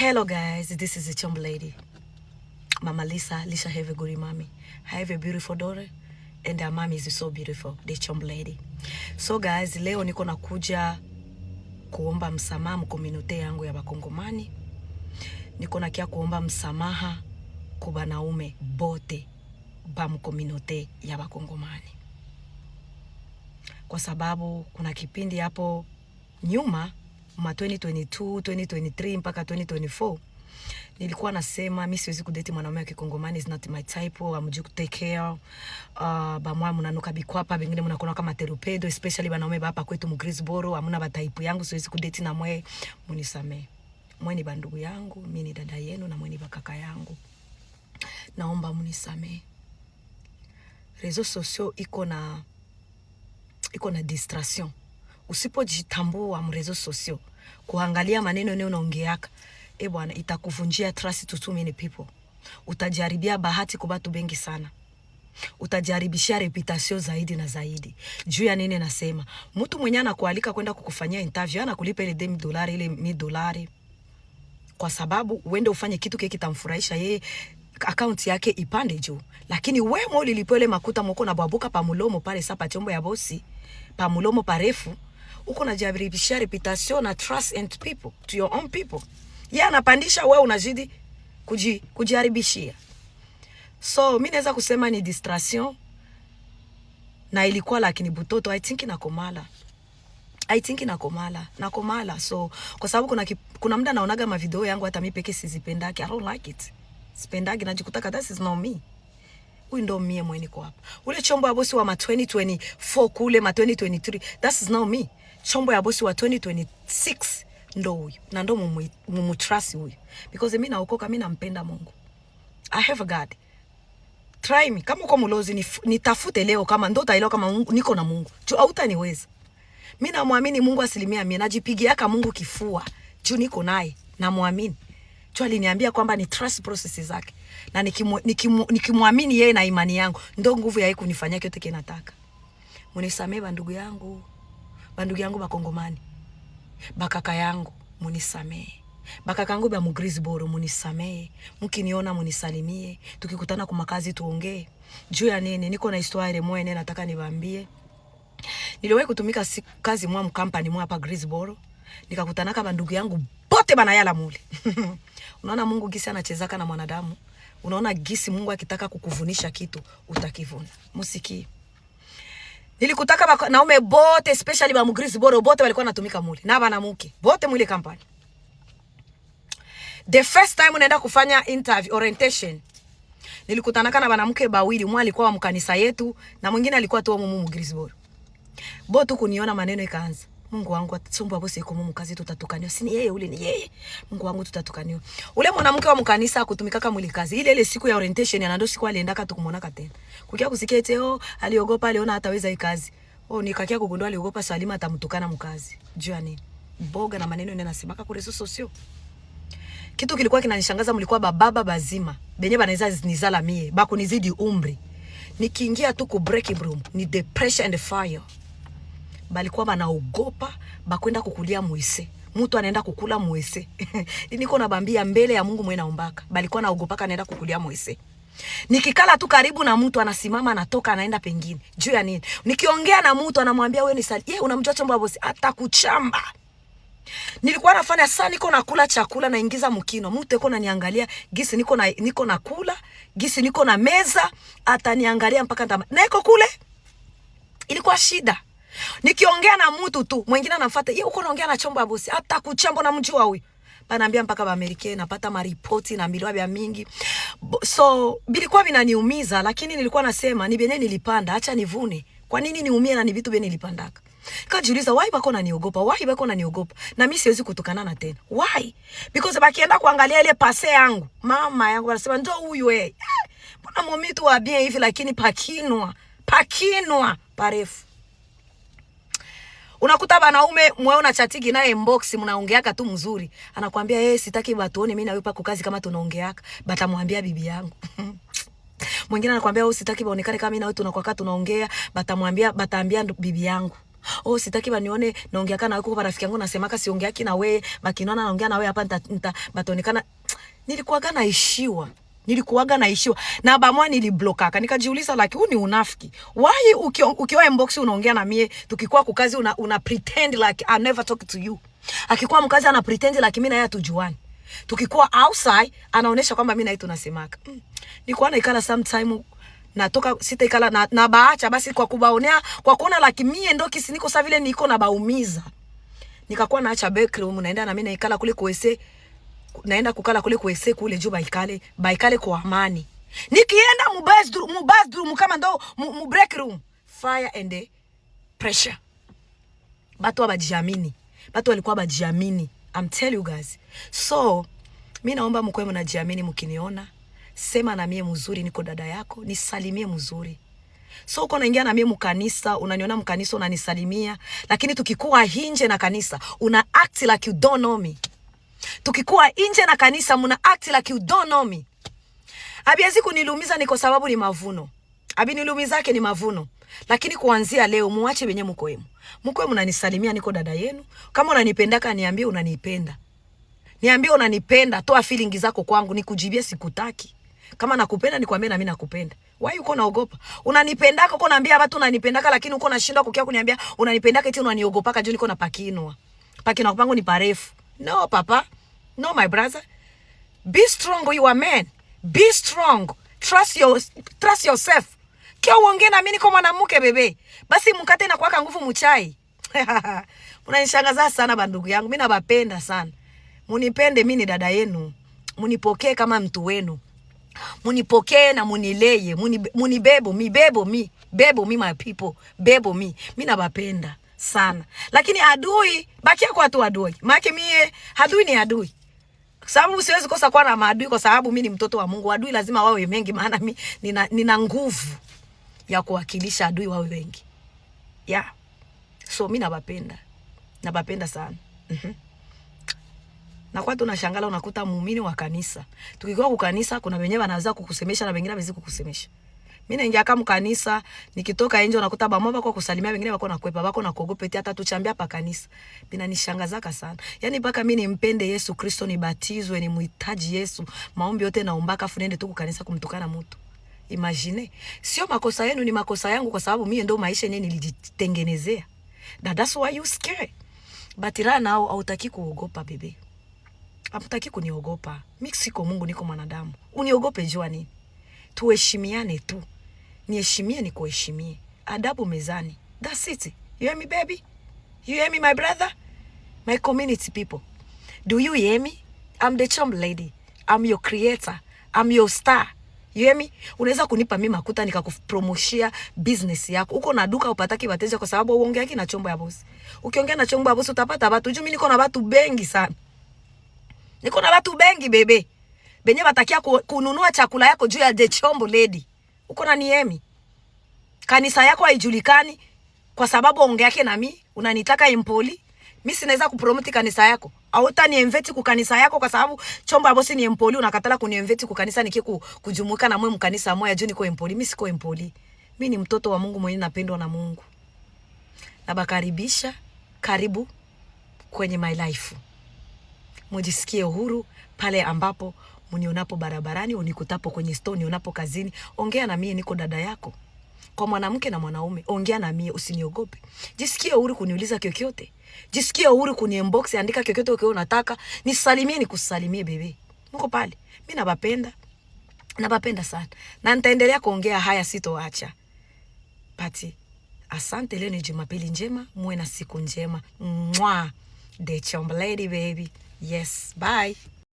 Hello guys, this is the Chomb Lady. Mama Lisa, Lisa have a good mommy. I have a beautiful daughter and her mommy is so beautiful, the Chomb Lady. So guys, leo niko nakuja kuomba msamaha mkomunite yangu ya Bakongomani. Niko nakia kuomba msamaha kwa banaume bote ba mkomunite ya Bakongomani. Kwa sababu kuna kipindi hapo nyuma ma 2022, 2023 mpaka 2024 nilikuwa nasema mi siwezi kudeti mwanaume wa Kikongomani, is not my type, oh, amjui kutake care uh, ah, bamwa munanuka bikwapa bengine munakona kama terupedo, especially banaume bapa kwetu mu Greensboro, amuna bataipu yangu, siwezi kudeti na mwe, munisamee. Mwe ni bandugu yangu, mi ni dada yenu na mwe ni bakaka yangu, naomba munisamee. Reseaux sociaux iko na iko na distraction usipojitambua mrezo sosio kuangalia maneno neo unaongeaka, e bwana, itakuvunjia trust to too many people. Utajaribia bahati kwa watu wengi sana, utajaribishia reputation zaidi na zaidi. Juu ya nini nasema? Mtu mwenye anakualika kwenda kukufanyia interview anakulipa ile demi dolari ile mi dolari, kwa sababu uende ufanye kitu kile kitamfurahisha yeye akaunti yake ipande juu, lakini wewe ulilipo ile makuta moko na babuka pa mulomo pale, sapa chombo ya bosi pa mulomo parefu uko najiharibishia reputation na trust and people to your own people. Yeye anapandisha, wewe unazidi kuji, kujaribishia. So mimi naweza kusema ni distraction na ilikuwa lakini butoto I think na komala. I think na komala. Na komala. So kwa sababu kuna ki, kuna muda naonaga ma video yangu hata mimi peke sizipendaki, I don't like it, sipendaki, najikuta that is not me. Huyu ndo mie mweni kwa hapa, ule chombo ya bosi wa ma 2024 kule ma 2023, that is not me chombo ya bosi wa 2026 ndo huyu na ndo mumutrasi huyu, because mi naokoka, mi nampenda Mungu. I have a God. Try me kama uko mlozi, nitafute leo, kama ndo taelewa kama Mungu, niko na Mungu juu hautaniweza mi. Namwamini Mungu asilimia mia, najipigiaka Mungu kifua juu niko naye, namwamini juu aliniambia kwamba ni trust process zake, na nikimwamini nikimu, yeye na imani yangu ndo nguvu yake kunifanyia kyote kinataka. Munisamee bandugu yangu bandugu yangu bakongomani bakaka yangu munisamee bakaka yangu ba mugrisboro munisamee, mukiniona munisalimie, tukikutana kwa makazi tuongee juu ya nini. Niko na historia moja nene nataka nibambie Niliwahi kutumika si kazi mwa mkampani mwa hapa Grisboro, nikakutana kama ndugu yangu bote bana yala mule unaona Mungu gisi anachezaka na mwanadamu, unaona gisi Mungu akitaka kukuvunisha kitu utakivuna. Musikii nilikutaka wanaume bote especially ba mgrisi boro bote walikuwa natumika mule na banamuke bote mwili kampani. The first time unaenda kufanya interview orientation, nilikutanaka na banamuke bawili, mmoja alikuwa wa mkanisa yetu na mwingine alikuwa tu mumu mgrisi boro bote, kuniona maneno ikaanza Mungu wangu atsumba bose iko mumu kazi tutatukaniwa. Sini yeye ule ni yeye. Mungu wangu tutatukaniwa. Ule mwanamke wa mkanisa akutumika kama mwili kazi. Ile ile siku ya orientation ana siku alienda kata kumuona katena. Kukia kusikia eti oh, aliogopa aliona hataweza hii kazi. Oh, nikakia kugundua aliogopa Salima atamtukana mkazi. Jua nini? Boga na maneno yenyewe nasemaka kule soso sio. Kitu kilikuwa kinanishangaza mlikuwa bababa bazima. Benye banaweza nizala mie, bako nizidi umri. Nikiingia tu ku breaking room, ni depression and fire balikuwa banaogopa bakwenda kukulia mwise mtu anaenda kukula mwese niko nabambia mbele ya Mungu mwe naombaka, balikuwa naogopaka anaenda kukulia mwese. Nikikala tu karibu na mtu anasimama anatoka anaenda pengine juu ya nini? Nikiongea na mtu anamwambia wewe ni sali, yeye unamjua chombo bosi kuchamba. Nilikuwa nafanya sana, niko nakula chakula naingiza mkino, mtu yuko ananiangalia gisi niko na niko nakula gisi niko na meza, ataniangalia mpaka ndama na iko kule, ilikuwa shida Nikiongea na mtu tu mwingine anafuata, yeye uko naongea na chombo ya bosi, hata kuchambo na mjua huyu Panaambia mpaka ba bamerike napata maripoti na milio ya mingi, so bilikuwa vinaniumiza, lakini nilikuwa nasema ni benye nilipanda, acha nivune. Kwa nini niumie na ni vitu benye nilipandaka? Kajiuliza why bako na niogopa? why bako na niogopa? na mimi siwezi kutukana na tena, why because bakienda kuangalia ile pase yangu, mama yangu anasema ndio huyu eh, mbona mumitu wa bien hivi, lakini pakinwa pakinwa parefu Unakuta banaume mwaona chatigi naye inbox mnaongeaka tu mzuri. Anakwambia yeye eh, sitaki batuone mimi na wewe pako kazi kama tunaongeaka. Batamwambia bibi yangu. Mwingine anakwambia wewe oh, sitaki baonekane kama mimi na wewe tunakuwa tunaongea, batamwambia bataambia bibi yangu. Oh, sitaki banione naongea kana wewe kwa rafiki yangu nasema kasi siongea kina wewe, bakiniona naongea na wewe hapa nita, nita bataonekana nilikuwa gana ishiwa nilikuwaga naishiwa na bamwa nilibloka niliblokaka. Nikajiuliza like huu ni unafiki. Why ukiwa uki inbox unaongea na mie tukikuwa kukazi una, una pretend like I never talk to you. Akikuwa mkazi ana pretend like mimi na yeye hatujuani. Tukikuwa outside anaonesha kwamba mimi na yeye tunasemaka. Mm. Nilikuwa naikala sometime natoka sita ikala na, na baacha basi kwa kubaonea kwa kuona like mie ndo kisi niko sa vile niko na baumiza. Nikakuwa naacha bedroom naenda na mimi naikala kule kuwese naenda kukala kule kuese kule juu baikale baikale kwa amani. Nikienda mu bathroom mu bathroom kama ndo mu break room fire and pressure. Batu abajiamini. Batu walikuwa abajiamini. I'm tell you guys. So mimi naomba mkoe mnajiamini mkiniona. Sema na mie mzuri, niko dada yako, nisalimie mzuri. So uko naingia na mie mkanisa, unaniona mkanisa unanisalimia, lakini tukikuwa hinje na kanisa, una act like you don't know me. Tukikuwa nje na kanisa, muna act like you don't know me. Abi aziku niliumiza ni kwa sababu ni mavuno. Abi niliumizake ni mavuno. Lakini kuanzia leo muache wenye mko hemu. Mko hemu mnanisalimia, niko dada yenu. Kama unanipendaka niambie unanipenda. Niambie unanipenda, toa feeling zako kwangu nikujibie sikutaki. Kama nakupenda nikwambie na mimi nakupenda. Why uko naogopa? Unanipendaka uko naambia watu unanipendaka lakini uko nashinda kukia kuniambia unanipendaka eti unaniogopaka juu niko na pakinwa. Pakinwa pangu ni parefu. No, Papa. No, my brother. Be strong, you are man. Be strong. Trust, your, trust yourself. Kio uongee na mimi niko mwanamke bebe. Basi mkate na kuwaka nguvu mchai. Munanishangaza sana bandugu yangu. Mimi nabapenda sana. Munipende mimi ni dada yenu. Munipokee kama mtu wenu. Munipokee na munileye. Munibebo, bebo mi. Bebo mi my people. Bebo mi. Mimi nabapenda sana, lakini adui bakia kwa tu adui, maana mie adui ni adui sababu siwezi kosa kuwa na maadui kwa sababu mi ni mtoto wa Mungu. Adui lazima wawe mengi, maana mi nina, nina nguvu ya kuwakilisha adui wawe wengi yeah. So mi nabapenda nabapenda sana mm -hmm. Nakuwa tu unakuta muumini wa kanisa, tukikuwa kukanisa kuna wenyewe wanaweza kukusemesha na wengine hawezi kukusemesha. Mimi naingia kama kanisa, nikitoka nje unakuta bamama bako kusalimia, wengine bako nakwepa, bako nakuogopa eti hata tuchambia pa kanisa. Mimi nishangazaka sana. Yaani mpaka mimi nimpende Yesu Kristo, nibatizwe, nimuhitaji Yesu. Maombi yote naomba kafu nende tu kanisa kumtukana mtu. Imagine, sio makosa yenu, ni makosa yangu kwa sababu mimi ndo maisha yenyewe nilijitengenezea. That That's why you scared. Batira nao hautaki kuogopa bebe. Hamtaki kuniogopa. Mimi siko Mungu, niko mwanadamu. Uniogope jua nini? Tuheshimiane tu. Niheshimie ni kuheshimie, adabu mezani. That's it. You hear me baby? You hear me my brother? My community people. Do you hear me? I'm the charm lady. I'm your creator. I'm your star. You hear me? Unaweza kunipa mimi makuta nikakupromoshia business yako. Uko na duka upataki wateja kwa sababu uongea na chombo ya boss. Ukiongea na chombo ya boss utapata watu. Juu mimi niko na watu bengi sana. Niko na watu bengi bebe. Benye watakia kununua chakula yako juu ya the chombo lady uko na niemi, kanisa yako haijulikani kwa sababu ongea yake na mi unanitaka impoli mi sinaweza kupromoti kanisa yako auta niemveti ku kanisa yako kwa sababu chombo abosi ni impoli. unakatala kuniemveti ku kanisa niki kujumuika na mwe mkanisa moja juu niko impoli. Mi siko impoli, mi ni mtoto wa Mungu mwenye napendwa na Mungu. Nabakaribisha, karibu kwenye my life, mujisikie uhuru pale ambapo mnionapo barabarani, unikutapo kwenye store, unionapo kazini, ongea na mie, niko dada yako. Kwa mwanamke na mwanaume, ongea na mie, usiniogope. Jisikie uhuru kuniuliza kyokyote, jisikie uhuru kuniinbox, andika kyokyote ukiwa unataka nisalimie, nikusalimie. Bebe, mko pale, mimi nabapenda, nabapenda sana, na nitaendelea kuongea haya, sitoacha pati. Asante, leo ni Jumapili njema, muwe na siku njema. Mwa the Chomb Lady baby, yes, bye.